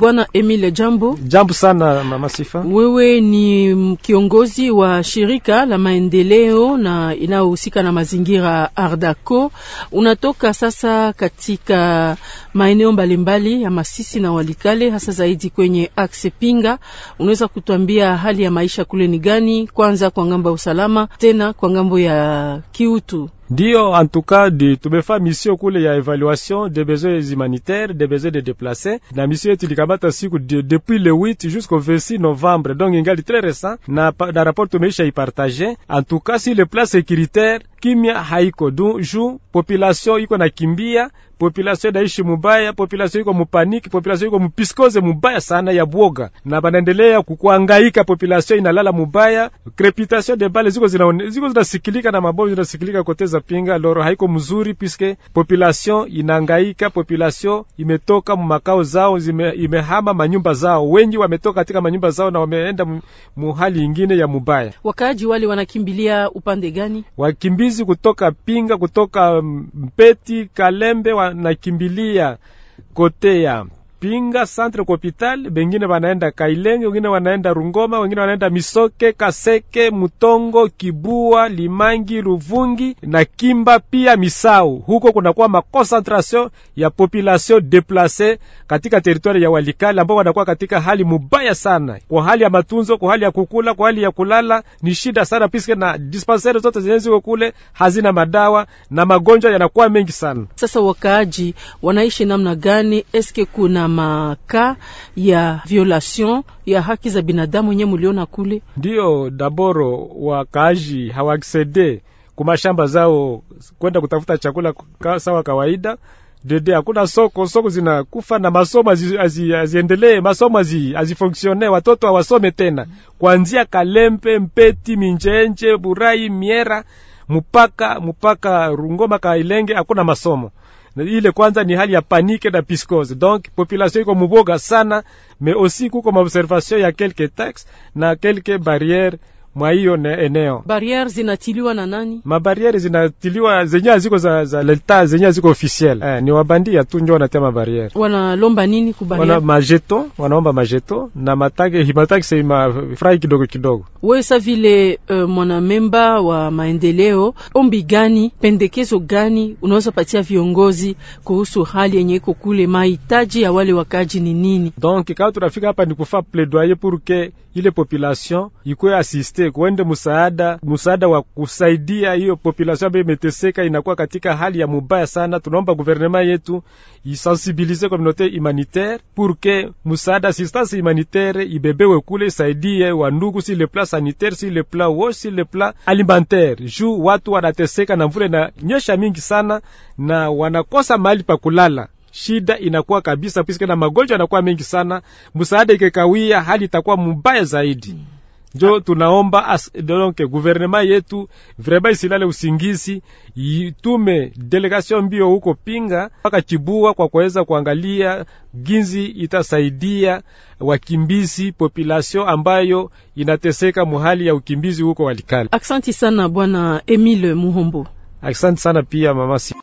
Bwana Emile, jambo. Jambo sana mama Sifa. Wewe ni kiongozi wa shirika la maendeleo na inayohusika na mazingira Ardaco. Unatoka sasa katika maeneo mbalimbali ya Masisi na Walikale, hasa zaidi kwenye axe Pinga. Unaweza kutuambia hali ya maisha kule ni gani, kwanza kwa ngambo ya usalama, tena kwa ngambo ya kiutu? Dio en tout cas di tumefaa misio kule ya évaluation des besoins humanitaires des besoins de déplacés, na mission yetu ilikamata siku depuis le 8 jusqu'au 26 novembre, donc ingali très récent, na, na rapport tumeisha ipartage en tout cas si le plan sécuritaire kimya haiko ju population iko na kimbia population naishi mubaya, population iko mupaniki, population iko mupiskoze mubaya sana ya bwoga, na banaendelea kukuangaika, population inalala mubaya, crepitation de bale ziko zina ziko zinasikilika na mabomu zinasikilika koteza pinga loro haiko mzuri, piske population inangaika, population imetoka mumakao zao zime, imehama manyumba zao, wengi wametoka katika manyumba zao na wameenda muhali ingine ya mubaya. Wakaaji wale wanakimbilia upande gani? wakimbilia wakimbizi kutoka Pinga, kutoka Mpeti, Kalembe wanakimbilia Kotea. Pinga Centre Hopital, bengine wanaenda Kailenge, wengine wanaenda Rungoma, wengine wanaenda Misoke, Kaseke, Mutongo, Kibua, Limangi, Ruvungi na Kimba pia Misau. Huko kunakuwa makoncentration ya population deplace katika teritwari ya Walikale ambao wanakuwa katika hali mubaya sana, kwa hali ya matunzo, kwa hali ya kukula, kwa hali ya kulala ni shida sana, piske na dispenseri zote zenye ziko kule hazina madawa na magonjwa yanakuwa mengi sana. Sasa wakaaji wanaishi namna gani? Eske kuna maka ya violation ya haki za binadamu nye muliona kule? Ndiyo, daboro wakaaji hawaksede kumashamba zao kwenda kutafuta chakula sawa kawaida dede hakuna soko, soko zinakufa na masomo aziendelee, masomo azifonksione, watoto awasome tena, kuanzia Kalempe, Mpeti, Minjenje, Burai, Miera mpaka mpaka Rungoma, Kailenge, hakuna masomo ile kwanza ni hali ya panique na piscose, donc population iko muboga sana, mais aussi kuko maobservation ya quelques taxes na quelques barrières mwa hiyo eneo. Barriere zinatiliwa na nani? Mabariere zinatiliwa zenye ziko za, za leta zenye ziko officiel eh, ni wabandia tu ndio wanatia mabariere. Wanalomba nini ku barriere? Wana majeto, wanaomba majeto na matage himataki sema frai kidogo kidogo. Wewe sa vile uh, mwana memba wa maendeleo, ombi gani, pendekezo gani unaweza patia viongozi kuhusu hali yenye iko kule, mahitaji ya wale wakaji ni nini? Donc kama tunafika hapa ni kufa plaidoyer pour que ile population ikuwe asiste kuende msaada, msaada wa kusaidia hiyo population ambayo imeteseka, inakuwa katika hali ya mubaya sana. Tunaomba guvernema yetu isensibilize communauté humanitaire pour que msaada assistance humanitaire ibebewe kule, isaidie ndugu, si le plan sanitaire, si le plan wo, si le plan alimentaire, juu watu wanateseka na mvula nyesha mingi sana na wanakosa mahali pa kulala shida inakuwa kabisa, piske na magonjwa yanakuwa mengi sana, msaada ikekawia, hali itakuwa mubaya zaidi. Njo ah. tunaomba as, guvernema yetu vrema isilale usingizi, itume delegation mbio huko Pinga mpaka Chibua kwa kuweza kuangalia ginzi itasaidia wakimbizi population ambayo inateseka muhali ya ukimbizi huko Walikale. Aksanti sana Bwana Emile Muhombo. Aksanti sana pia mama.